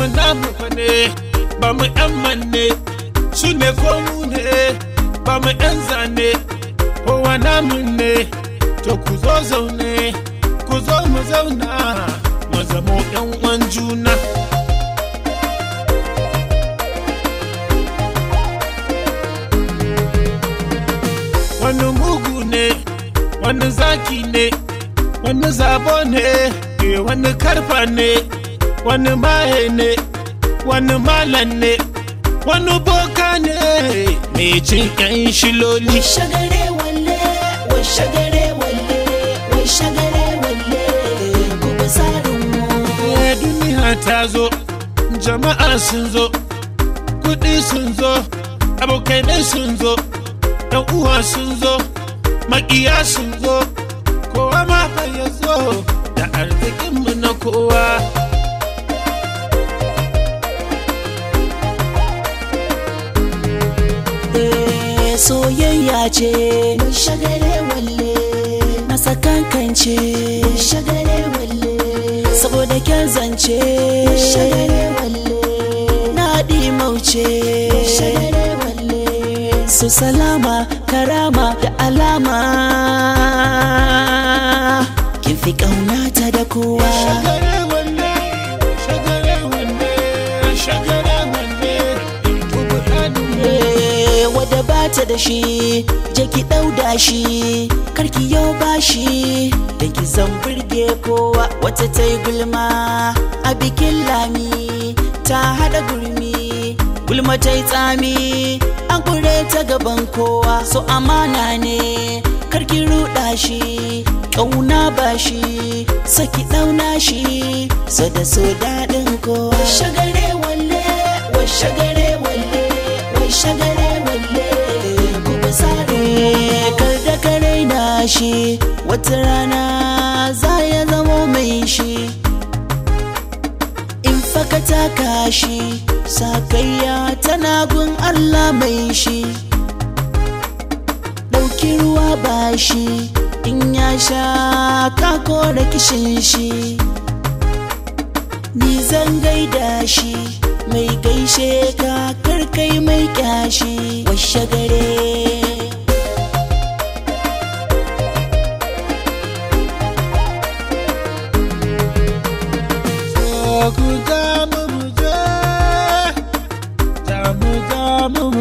mu namu ne ba mu yan manne su ne ko mu ne ba mu yan zane kowa namu ne to ku zo zaune ku zo mu zauna mu zamo yan juna wani mugu ne wani zaki ne wani zabo ne eh, wani karfa ne wani maye ne wani malam ne wani boka ne mai cin yan shiloli shagare eh, duniya ta zo jama'a sun zo kudi sun zo abokanai sun zo yan uwa sun zo makiya sun zo kowa ma hanyar zo soyayya ce mun shagare walle na sakankance mun shagare walle saboda kyan zance mun shagare walle na mauce mun shagare walle su salama karama da alama kin fi kauna ta da kowa bata da shi je ki dauda shi karki yau bashi da ki san burge kowa wata ta yi gulma a bikin lami ta hada gurmi gulma ta yi tsami an kure ta gaban kowa so amana ne karki ruda shi ƙauna ba shi saki ɗauna shi so da so daɗin kowa shagare walle wai shagare walle wai shagare shi wata rana za ya zamo mai shi in faka taka shi sakayya tana gun Allah mai shi dauki ruwa ba shi in ya sha kako da kishin shi ni zan gaida shi mai gaishe ka karkai mai kyashi washe gare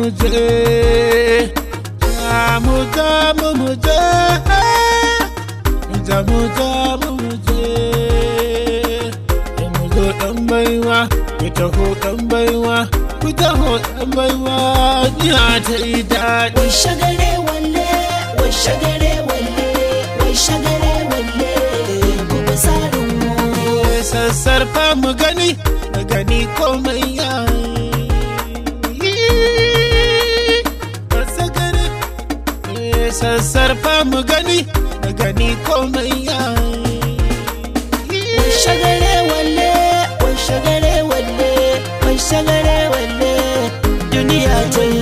muje mu je mu muje muje mu zo dan baiwa ku taho dan baiwa ku taho dan baiwa ya ta yi daɗi. Wai shagare walle wai shagare walle wai shagare walle gobe sarin mu. Sassarfa mu gani mu gani komai sassarfa mu gani da gani komai ya wai shagare walle wai shagare walle wai shagare walle duniya ta yi